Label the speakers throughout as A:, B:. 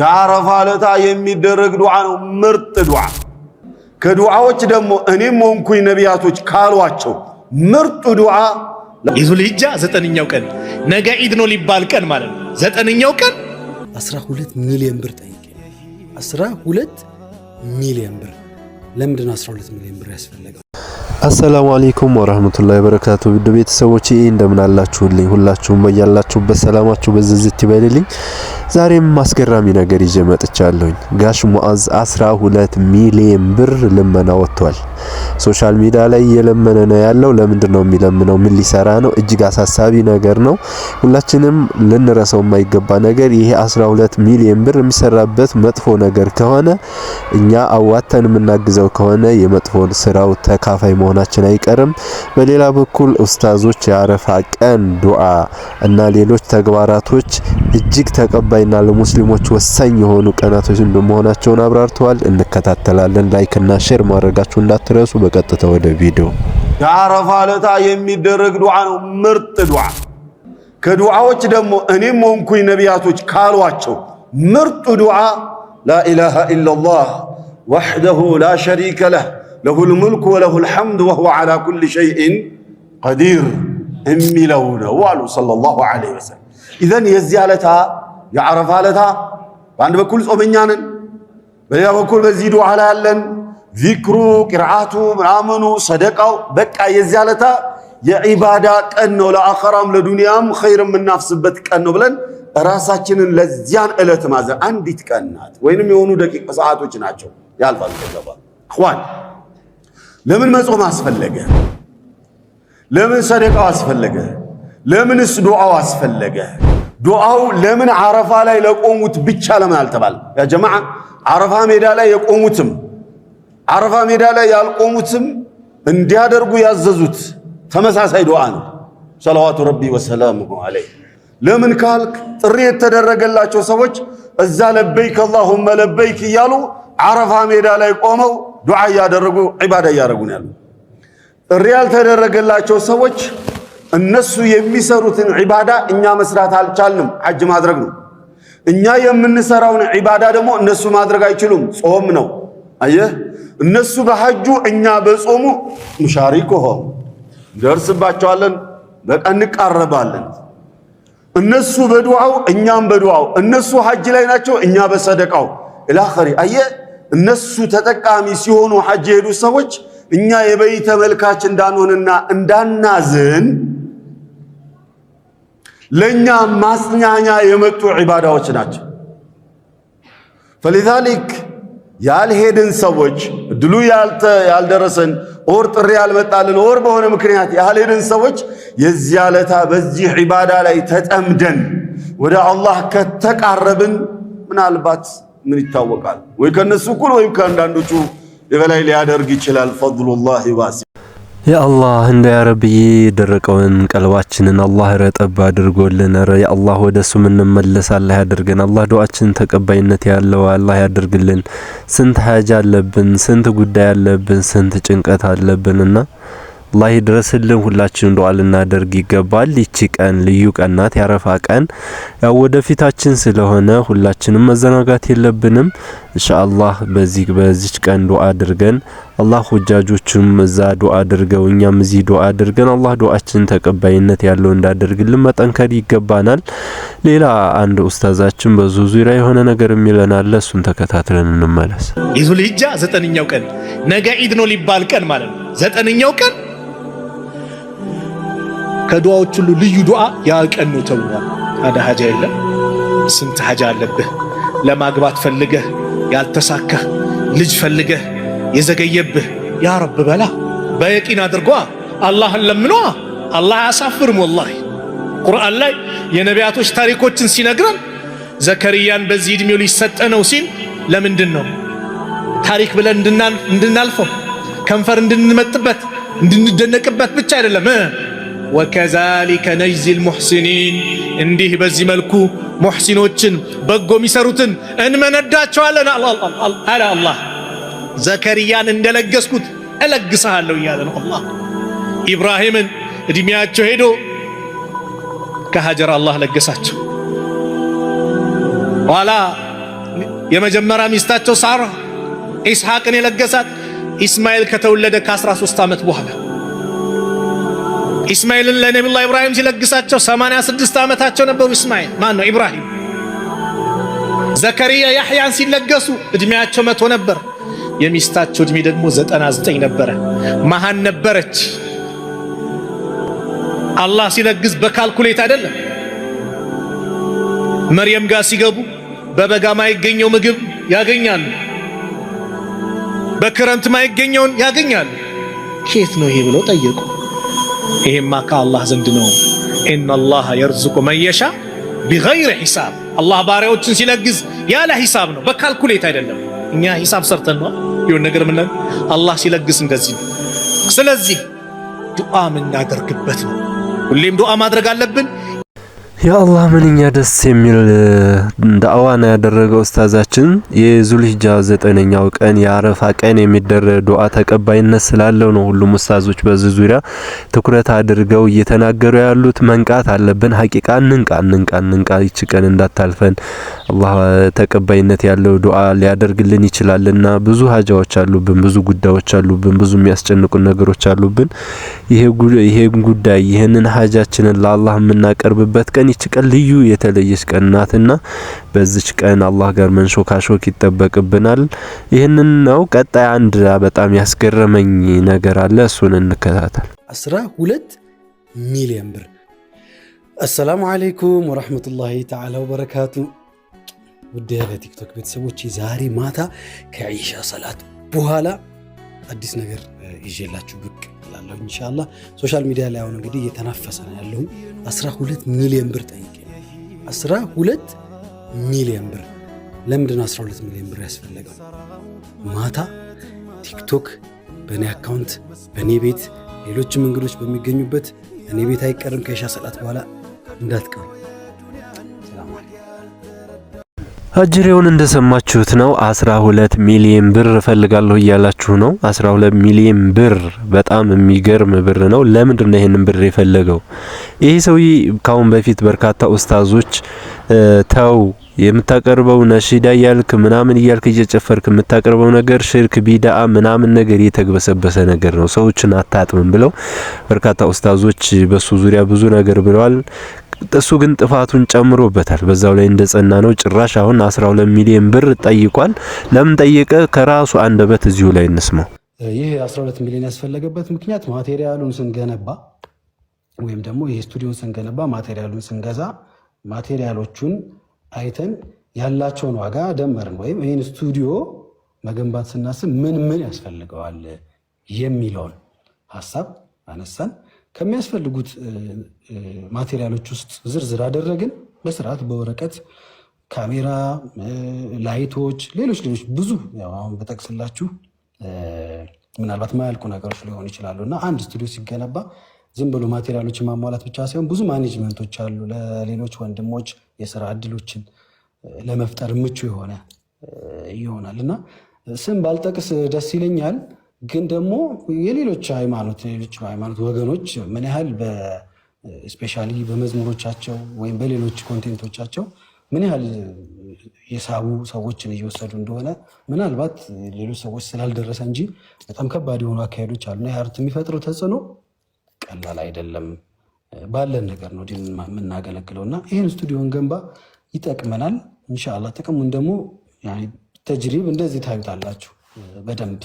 A: የአረፋ ለታ የሚደረግ ዱዓ ነው። ምርጥ ዱዓ ከዱዓዎች ደግሞ እኔም ሆንኩኝ ነቢያቶች ካሏቸው ምርጡ ዱዓ
B: ኢዙልሂጃ ዘጠነኛው ቀን ነገ ኢድ ነው ሊባል ቀን ማለት ነው። ዘጠነኛው ቀን 12 ሚሊዮን ብር ጠይቄ 12 ሚሊዮን ብር ለምንድን ነው 12 ሚሊዮን ብር ያስፈለገው?
C: አሰላሙ አለይኩም ወራህመቱላሂ ወበረካቱ ውድ ቤተሰቦቼ እንደምን አላችሁልኝ? ሁላችሁም በያላችሁበት ሰላማችሁ በዝዝት ይበልልኝ። ዛሬም አስገራሚ ነገር ይዤ መጥቻለሁኝ። ጋሽ ሙአዝ 12 ሚሊዮን ብር ልመና ወጥቷል። ሶሻል ሚዲያ ላይ እየለመነ ነው ያለው። ለምንድን ነው የሚለምነው? ምን ሊሰራ ነው? እጅግ አሳሳቢ ነገር ነው። ሁላችንም ልንረሳው የማይገባ ነገር ይሄ 12 ሚሊዮን ብር የሚሰራበት መጥፎ ነገር ከሆነ እኛ አዋተን የምናግዘው ከሆነ የመጥፎን ስራው ተካፋይ መሆናችን አይቀርም። በሌላ በኩል ኡስታዞች የአረፋ ቀን ዱዓ እና ሌሎች ተግባራቶች እጅግ ተቀባይና ለሙስሊሞች ወሳኝ የሆኑ ቀናቶች መሆናቸውን አብራርተዋል። እንከታተላለን። ላይክ እና ሼር ማድረጋችሁ እንዳትረሱ። በቀጥታ ወደ ቪዲዮ
A: የአረፋ ለታ የሚደረግ ዱዓ ነው። ምርጥ ዱዓ ከዱዓዎች ደግሞ እኔም ሆንኩኝ ነቢያቶች ካሏቸው ምርጡ ዱዓ ላኢላሃ ኢላላህ ወህደሁ ላ ሸሪከ ለህ ለሁል ሙልኩ ወለሁል ሐምድ ወሁወ ዓላ ኩል ሸይኢን ቀዲር የሚለው ነው አሉ ሰለላሁ ዐለይሂ ወሰለም። ኢዘን የዚህ አለታ የዓረፋ አለታ በአንድ በኩል ጾመኛ ነን፣ በሌላ በኩል በዚህ ዱዓ ላይ ያለን ዚክሩ፣ ቅርዓቱ፣ ምናምኑ፣ ሰደቃው በቃ የዚህ አለታ የዒባዳ ቀን ነው። ለአኸራም ለዱንያም ኸይር የምናፍስበት ቀን ነው ብለን ራሳችንን ለዚያን ዕለት ማዘን አንዲት ቀን ናት፣ ወይንም የሆኑ ደቂቅ ሰዓቶች ናቸው ያልፋል። ለምን መጾም አስፈለገ? ለምን ሰደቃው አስፈለገ? ለምንስ ዱዓው አስፈለገ? ዱዓው ለምን አረፋ ላይ ለቆሙት ብቻ ለምን አልተባል? ያ ጀማዓ አረፋ ሜዳ ላይ የቆሙትም አረፋ ሜዳ ላይ ያልቆሙትም እንዲያደርጉ ያዘዙት ተመሳሳይ ዱዓ ነው። ሰላዋቱ ረቢ ወሰላሙሁ አለይ። ለምን ካልክ ጥሪ የተደረገላቸው ሰዎች እዛ ለበይክ አላሁመ ለበይክ እያሉ አረፋ ሜዳ ላይ ቆመው ዱዓ እያደረጉ ዒባዳ እያደረጉ ነው ያሉ። ጥሪ ያልተደረገላቸው ሰዎች እነሱ የሚሰሩትን ዒባዳ እኛ መስራት አልቻልንም፣ ሐጅ ማድረግ ነው። እኛ የምንሰራውን ዒባዳ ደግሞ እነሱ ማድረግ አይችሉም፣ ጾም ነው። አየህ እነሱ በሐጁ እኛ በጾሙ ሙሻሪክ ሆኑ፣ እንደርስባቸዋለን፣ በቃ እንቃረባለን። እነሱ በዱዓው እኛም በዱዓው፣ እነሱ ሐጅ ላይ ናቸው፣ እኛ በሰደቃው ኢላኸሪ አየህ እነሱ ተጠቃሚ ሲሆኑ ሐጅ የሄዱ ሰዎች እኛ የበይ ተመልካች እንዳንሆንና እንዳናዝን ለእኛ ማጽናኛ የመጡ ዒባዳዎች ናቸው። ፈሊዛሊክ ያልሄድን ሰዎች እድሉ ያልደረሰን ኦር ጥሪ ያልመጣልን ኦር በሆነ ምክንያት ያልሄድን ሰዎች የዚያ ለታ በዚህ ዒባዳ ላይ ተጠምደን ወደ አላህ ከተቃረብን ምናልባት ምን ይታወቃል? ወይ ከነሱ እኩል ወይም ከአንዳንዶቹ የበላይ ሊያደርግ ይችላል። ፈድሉላሂ ዋሲ
D: የአላህ እንደ ያረብዬ የደረቀውን ቀልባችንን አላህ ረጠብ አድርጎልን፣ ረ የአላህ ወደ እሱም እንመለስ አላህ ያደርገን። አላህ ዱዓችን ተቀባይነት ያለው አላህ ያደርግልን። ስንት ሀጃ አለብን፣ ስንት ጉዳይ አለብን፣ ስንት ጭንቀት አለብን እና አላህ ይድረስልን። ሁላችን ዱዓ ልናደርግ ይገባል። ይቺ ቀን ልዩ ቀን ናት። ያረፋ ቀን ያው ወደፊታችን ስለሆነ ሁላችንም መዘናጋት የለብንም። ኢንሻአላህ በዚህ በዚች ቀን ዱዓ አድርገን አላህ ሁጃጆቹም እዛ ዱዓ አድርገው እኛም እዚህ ዱዓ አድርገን አላህ ዱዓችን ተቀባይነት ያለው እንዳደርግልን መጠንከር ይገባናል። ሌላ አንድ ኡስታዛችን በዙ ዙሪያ የሆነ ነገር የሚለን እሱን ተከታትለን እንመለስ።
B: ኢዙልሂጃ ዘጠነኛው ቀን ነገ ኢድ ነው ሊባል ቀን ማለት ነው። ዘጠነኛው ቀን ከዱዓዎች ሁሉ ልዩ ዱዓ ያቀን ነው ተብሏል። ታዲያ ሀጃ የለም? ስንት ሀጃ አለብህ? ለማግባት ፈልገህ ያልተሳካህ፣ ልጅ ፈልገህ የዘገየብህ፣ ያ ረብ በላ በየቂን አድርጓ አላህን ለምኗ። አላህ አያሳፍርም። ወላሂ ቁርአን ላይ የነቢያቶች ታሪኮችን ሲነግረን ዘከርያን በዚህ ዕድሜው ሊሰጠ ነው ሲል ለምንድን ነው ታሪክ ብለን እንድናልፈው ከንፈር እንድንመጥበት እንድንደነቅበት ብቻ አይደለም። ወከዛሊከ ነጅዚል ሙሕሲኒን እንዲህ በዚህ መልኩ ሙሕሲኖችን በጎ የሚሰሩትን እንመነዳቸዋለን አለ አላህ። ዘከርያን እንደለገስኩት እለግሰሃለሁ እያለ ነው አላህ። ኢብራሂምን እድሜያቸው ሄዶ ከሀጀር አላህ ለገሳቸው። ኋላ የመጀመሪያ ሚስታቸው ሳራ ኢስሐቅን የለገሳት ኢስማኤል ከተወለደ ከ13 ዓመት በኋላ ኢስማኤልን ለነቢዩላህ ኢብራሂም ሲለግሳቸው 86 ዓመታቸው ነበሩ። ኢስማኤል ማን ነው? ኢብራሂም። ዘከሪያ ያሕያን ሲለገሱ እድሜያቸው መቶ ነበር። የሚስታቸው እድሜ ደግሞ 99 ነበረ። መሃን ነበረች። አላህ ሲለግስ በካልኩሌት አይደለም። መርየም ጋር ሲገቡ በበጋ ማይገኘው ምግብ ያገኛሉ፣ በክረምት ማይገኘውን ያገኛሉ። ኬት ነው ይሄ ብለው ጠየቁ። ይሄማ ከአላህ ዘንድ ነው። ኢነላህ የርዝቁ መየሻ ቢገይር ሂሳብ። አላህ ባሪያዎችን ሲለግዝ ያለ ሂሳብ ነው፣ በካልኩሌት አይደለም። እኛ ሂሳብ ሰርተን ነው ይሁን ነገር ምን አላህ ሲለግስ እንደዚህ ነው። ስለዚህ ዱዓ የምናደርግበት ነው። ሁሌም ዱዓ ማድረግ አለብን።
D: የአላህ ምንኛ ደስ የሚል ዳዕዋ ያደረገው ኡስታዛችን። የዙልሂጃ ዘጠነኛው ቀን የአረፋ ቀን የሚደረግ ዱዓ ተቀባይነት ስላለው ነው ሁሉም ኡስታዞች በዚህ ዙሪያ ትኩረት አድርገው እየተናገሩ ያሉት። መንቃት አለብን። ሀቂቃ እንንቃ፣ እንንቃ፣ እንንቃ። ይች ቀን እንዳታልፈን። አላህ ተቀባይነት ያለው ዱዓ ሊያደርግልን ይችላልና ብዙ ሀጃዎች አሉብን፣ ብዙ ጉዳዮች አሉብን፣ ብዙ የሚያስጨንቁን ነገሮች አሉብን። ይሄ ጉዳይ ይህንን ሀጃችንን ለአላህ የምናቀርብበት ቀን ይች ቀን ልዩ የተለየች ቀን ናትና በዚች ቀን አላህ ጋር መንሾካሾክ ይጠበቅብናል። ይህንን ነው። ቀጣይ አንድ በጣም ያስገረመኝ ነገር አለ፣ እሱን እንከታተል።
B: 12 ሚሊዮን ብር። አሰላሙ አለይኩም ወረህመቱላሂ ተዓላ ወበረካቱ። ውድ ቲክቶክ ቤተሰቦች ዛሬ ማታ ከኢሻ ሰላት በኋላ አዲስ ነገር ይዤላችሁ ብቅ እችላለሁ። እንሻላ ሶሻል ሚዲያ ላይ አሁን እንግዲህ እየተናፈሰ ነው ያለሁ። 12 ሚሊዮን ብር ጠይቄ 12 ሚሊዮን ብር ለምንድን 12 ሚሊዮን ብር ያስፈለገው? ማታ ቲክቶክ በእኔ አካውንት በእኔ ቤት ሌሎችም እንግዶች በሚገኙበት እኔ ቤት አይቀርም ከሻ ሰላት በኋላ እንዳትቀሩ
D: አጅሬውን እንደሰማችሁት ነው። 12 ሚሊዮን ብር እፈልጋለሁ እያላችሁ ነው። 12 ሚሊዮን ብር በጣም የሚገርም ብር ነው። ለምንድን ነው ይሄንን ብር የፈለገው? ይሄ ሰውዬ ካሁን በፊት በርካታ ኡስታዞች ተው የምታቀርበው ነሽዳ እያልክ ምናምን እያልክ እየጨፈርክ የምታቀርበው ነገር ሽርክ፣ ቢዳአ ምናምን ነገር የተግበሰበሰ ነገር ነው፣ ሰዎችን አታጥምም ብለው በርካታ ኡስታዞች በሱ ዙሪያ ብዙ ነገር ብለዋል። እሱ ግን ጥፋቱን ጨምሮበታል። በዛው ላይ እንደጸና ነው። ጭራሽ አሁን 12 ሚሊዮን ብር ጠይቋል። ለምን ጠየቀ? ከራሱ አንደበት እዚሁ ላይ እንስማው።
E: ይህ 12 ሚሊዮን ያስፈለገበት ምክንያት ማቴሪያሉን ስንገነባ ወይም ደግሞ ይህ ስቱዲዮን ስንገነባ ማቴሪያሉን ስንገዛ ማቴሪያሎቹን አይተን ያላቸውን ዋጋ ደመርን። ወይም ይህን ስቱዲዮ መገንባት ስናስብ ምን ምን ያስፈልገዋል የሚለውን ሀሳብ አነሳን። ከሚያስፈልጉት ማቴሪያሎች ውስጥ ዝርዝር አደረግን። በስርዓት በወረቀት ካሜራ፣ ላይቶች፣ ሌሎች ሌሎች ብዙ አሁን በጠቅስላችሁ ምናልባት ማያልቁ ነገሮች ሊሆኑ ይችላሉ እና አንድ ስቱዲዮ ሲገነባ ዝም ብሎ ማቴሪያሎችን ማሟላት ብቻ ሳይሆን ብዙ ማኔጅመንቶች አሉ። ለሌሎች ወንድሞች የስራ እድሎችን ለመፍጠር ምቹ የሆነ ይሆናል እና ስም ባልጠቅስ ደስ ይለኛል። ግን ደግሞ የሌሎች ሃይማኖት ሃይማኖት ወገኖች ምን ያህል ስፔሻሊ በመዝሙሮቻቸው ወይም በሌሎች ኮንቴንቶቻቸው ምን ያህል የሳቡ ሰዎችን እየወሰዱ እንደሆነ ምናልባት ሌሎች ሰዎች ስላልደረሰ እንጂ በጣም ከባድ የሆኑ አካሄዶች አሉ። የአርት የሚፈጥረው ተጽዕኖ ቀላል አይደለም። ባለን ነገር ነው የምናገለግለው እና ይህን ስቱዲዮን ገንባ ይጠቅመናል። እንሻላ ጥቅሙን ደግሞ ተጅሪብ እንደዚህ ታዩታላችሁ በደንብ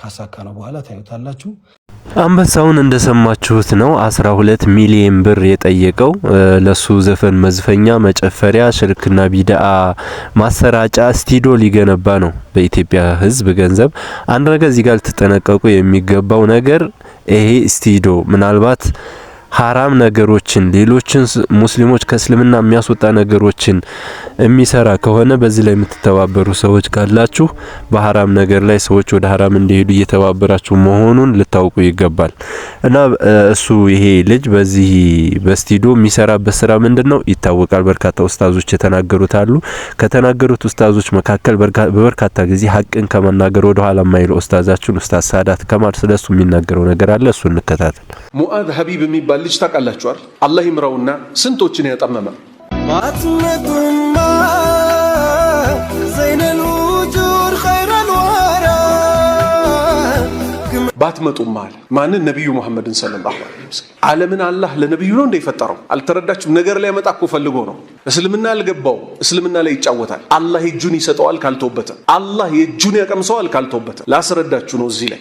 E: ካሳካ ነው በኋላ ታዩታላችሁ።
D: አንበሳውን እንደሰማችሁት ነው። 12 ሚሊዮን ብር የጠየቀው ለሱ ዘፈን መዝፈኛ፣ መጨፈሪያ፣ ሽርክና ቢዳ ማሰራጫ ስቱዲዮ ሊገነባ ነው በኢትዮጵያ ሕዝብ ገንዘብ። አንድ ነገር እዚህ ጋር ልትጠነቀቁ የሚገባው ነገር ይሄ ስቱዲዮ ምናልባት ሀራም ነገሮችን ሌሎችን ሙስሊሞች ከእስልምና የሚያስወጣ ነገሮችን የሚሰራ ከሆነ በዚህ ላይ የምትተባበሩ ሰዎች ካላችሁ በሀራም ነገር ላይ ሰዎች ወደ ሀራም እንዲሄዱ እየተባበራችሁ መሆኑን ልታውቁ ይገባል። እና እሱ ይሄ ልጅ በዚህ በስቲዶ የሚሰራበት ስራ ምንድን ነው ይታወቃል። በርካታ ኡስታዞች የተናገሩት አሉ። ከተናገሩት ኡስታዞች መካከል በበርካታ ጊዜ ሀቅን ከመናገር ወደ ኋላ የማይለው ኡስታዛችን ኡስታዝ ሳዳት ከማል ስለሱ የሚናገረው ነገር አለ። እሱ እንከታተል።
B: ሙአዝ ሀቢብ የሚባል ልጅ ታውቃላችኋል። አላህ ይምራውና ስንቶችን ያጠመመ ባትመጡም አለ። ማንን? ነቢዩ መሐመድን ሰለላሁ ዐለይሂ ወሰለም። ዓለምን አላህ ለነቢዩ ነው እንደ የፈጠረው? አልተረዳችሁም? ነገር ላይ ያመጣ እኮ ፈልጎ ነው። እስልምና አልገባው፣ እስልምና ላይ ይጫወታል። አላህ የእጁን ይሰጠዋል ካልተወበተ፣ አላህ የእጁን ያቀምሰዋል ካልተወበተ። ላስረዳችሁ ነው እዚህ ላይ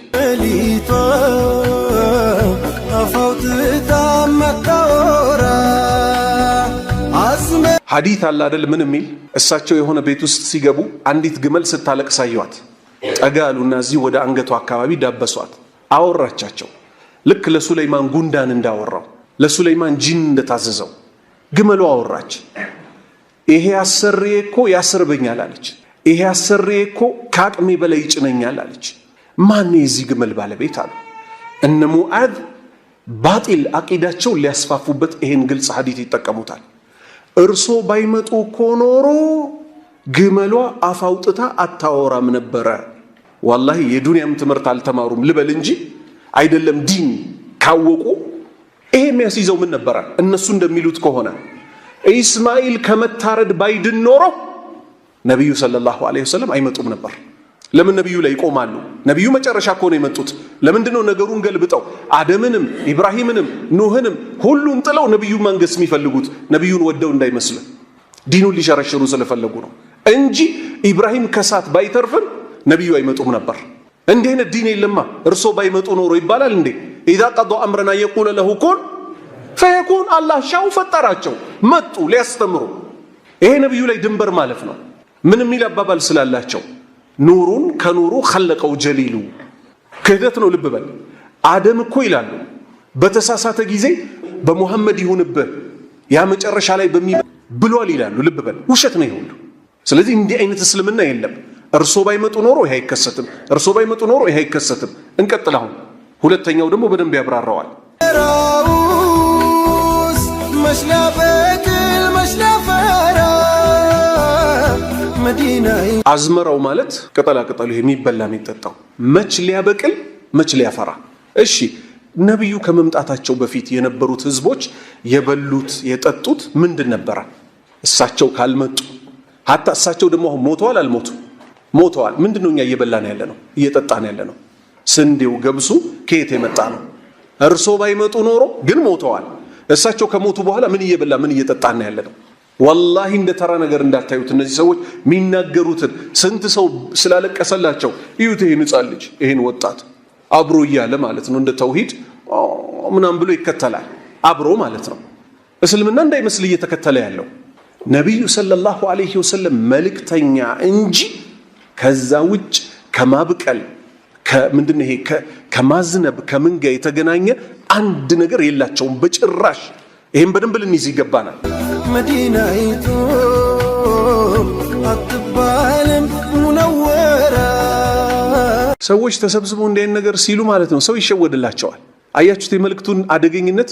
B: ሐዲት አለ አደል ምን የሚል እሳቸው የሆነ ቤት ውስጥ ሲገቡ አንዲት ግመል ስታለቅ ሳየዋት ጠጋ አሉና እዚህ ወደ አንገቷ አካባቢ ዳበሷት። አወራቻቸው። ልክ ለሱለይማን ጉንዳን እንዳወራው ለሱለይማን ጂን እንደታዘዘው ግመሉ አወራች። ይሄ አሰሬ እኮ ያስርበኛል አለች። ይሄ አሰሬ እኮ ከአቅሜ በላይ ይጭነኛል አለች። ማን የዚህ ግመል ባለቤት አሉ። እነ ሙዓዝ ባጢል አቂዳቸው ሊያስፋፉበት ይሄን ግልጽ ሀዲት ይጠቀሙታል። እርሶ ባይመጡ እኮ ኖሮ ግመሏ አፋውጥታ አታወራም ነበረ ዋላሂ የዱንያም ትምህርት አልተማሩም ልበል እንጂ አይደለም ዲን ካወቁ ይሄ የሚያስይዘው ምን ነበረ? እነሱ እንደሚሉት ከሆነ ኢስማኤል ከመታረድ ባይድን ኖሮ ነቢዩ ሰለላሁ ዐለይሂ ወሰለም አይመጡም ነበር። ለምን ነቢዩ ላይ ይቆማሉ? ነቢዩ መጨረሻ እኮ የመጡት። ለምንድን ነው ነገሩን ገልብጠው አደምንም ኢብራሂምንም ኑህንም ሁሉን ጥለው ነቢዩ መንገስ የሚፈልጉት? ነቢዩን ወደው እንዳይመስል ዲኑን ሊሸረሽሩ ስለፈለጉ ነው እንጂ ኢብራሂም ከሳት ባይተርፍም ነቢዩ አይመጡም ነበር። እንዲህ አይነት ዲን የለማ። እርሶ ባይመጡ ኖሮ ይባላል እንዴ? ኢዛ ቀዶ አምረና የቁለ ለሁ ኩን ፈየኩን። አላህ ሻው ፈጠራቸው፣ መጡ ሊያስተምሩ። ይሄ ነቢዩ ላይ ድንበር ማለፍ ነው። ምን የሚል አባባል ስላላቸው ኑሩን ከኑሩ ኸለቀው ጀሊሉ ክህደት ነው። ልብ በል አደም እኮ ይላሉ በተሳሳተ ጊዜ በሙሐመድ ይሁንብህ ያ መጨረሻ ላይ በሚ ብሏል ይላሉ። ልብ በል ውሸት ነው ይሁሉ። ስለዚህ እንዲህ አይነት እስልምና የለም። እርሶ ባይመጡ ኖሮ ይህ አይከሰትም፣ እርሶ ባይመጡ ኖሮ ይህ አይከሰትም። እንቀጥል። አሁን ሁለተኛው ደግሞ በደንብ ያብራራዋል። አዝመራው ማለት ቅጠላ ቅጠሉ የሚበላ የሚጠጣው መች ሊያበቅል መች ሊያፈራ። እሺ ነቢዩ ከመምጣታቸው በፊት የነበሩት ህዝቦች የበሉት የጠጡት ምንድን ነበረ? እሳቸው ካልመጡ ሀታ እሳቸው ደግሞ አሁን ሞተዋል አልሞቱ ሞተዋል። ምንድን ነው እኛ እየበላን ያለ ነው እየጠጣን ያለ ነው? ስንዴው ገብሱ ከየት የመጣ ነው? እርሶ ባይመጡ ኖሮ ግን ሞተዋል። እሳቸው ከሞቱ በኋላ ምን እየበላ ምን እየጠጣን ያለ ነው? ወላሂ እንደ ተራ ነገር እንዳታዩት። እነዚህ ሰዎች የሚናገሩትን ስንት ሰው ስላለቀሰላቸው እዩት። ይህን ሕፃን ልጅ ይህን ወጣት አብሮ እያለ ማለት ነው እንደ ተውሂድ ምናም ብሎ ይከተላል። አብሮ ማለት ነው እስልምና እንዳይመስል እየተከተለ ያለው ነቢዩ ሰለላሁ ዐለይሂ ወሰለም መልእክተኛ እንጂ ከዛ ውጭ ከማብቀል ምንድን ይሄ ከማዝነብ ከምን ጋር የተገናኘ አንድ ነገር የላቸውም በጭራሽ። ይህም በደንብ ልንይዝ ይገባናል። መዲናይቱ አትባልም ሙነወራ። ሰዎች ተሰብስበው እንዲህ ዓይነት ነገር ሲሉ ማለት ነው ሰው ይሸወድላቸዋል። አያችሁት የመልእክቱን አደገኝነት።